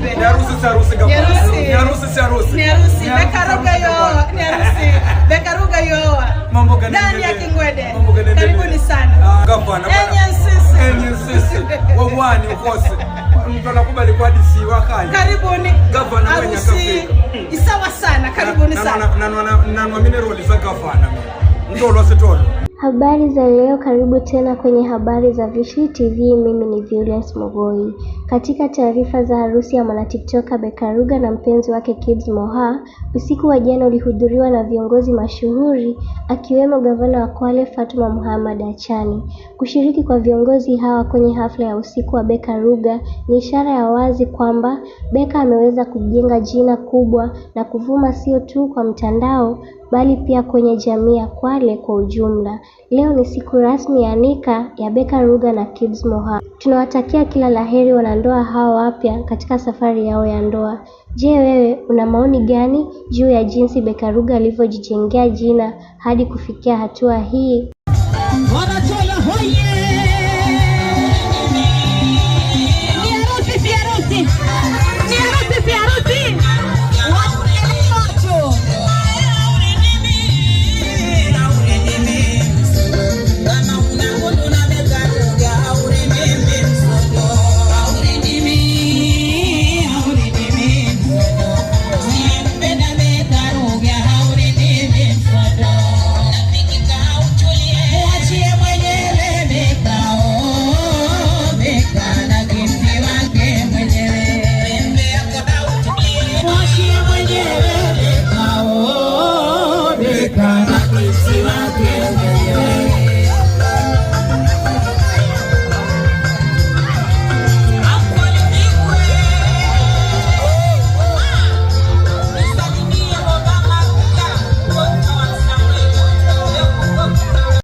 Ni harusi si harusi gaba. Ni harusi si harusi. Ni harusi. Bekaruga yoa. Ni harusi. Bekaruga yoa. Mambo gani? Ndani ya Kingwede. Mambo gani? Karibuni sana. Gaba na bana. Enye sisi. Enye sisi. Wawani ukose. Mtu anakubali kwa DC wakali. Karibuni. Gaba na wenye Isawa sana. Karibuni sana. Na na na na na mimi za gaba na. Ndolo sitolo. Habari za leo, karibu tena kwenye habari za Veushly TV. Mimi ni Julius Mogoi. Katika taarifa za harusi ya mwanatiktoka Beka Ruga na mpenzi wake Kibz Moha, usiku wa jana ulihudhuriwa na viongozi mashuhuri akiwemo gavana wa Kwale Fatuma Muhammad Achani. Kushiriki kwa viongozi hawa kwenye hafla ya usiku wa Beka Ruga ni ishara ya wazi kwamba Beka ameweza kujenga jina kubwa na kuvuma sio tu kwa mtandao bali pia kwenye jamii ya Kwale kwa ujumla. Leo ni siku rasmi ya nika ya Beka Ruga na Kibs Moha. Tunawatakia kila laheri wanandoa hao wapya katika safari yao ya ndoa. Je, wewe una maoni gani juu ya jinsi Beka Ruga alivyojijengea jina hadi kufikia hatua hii? Wanachola hoye!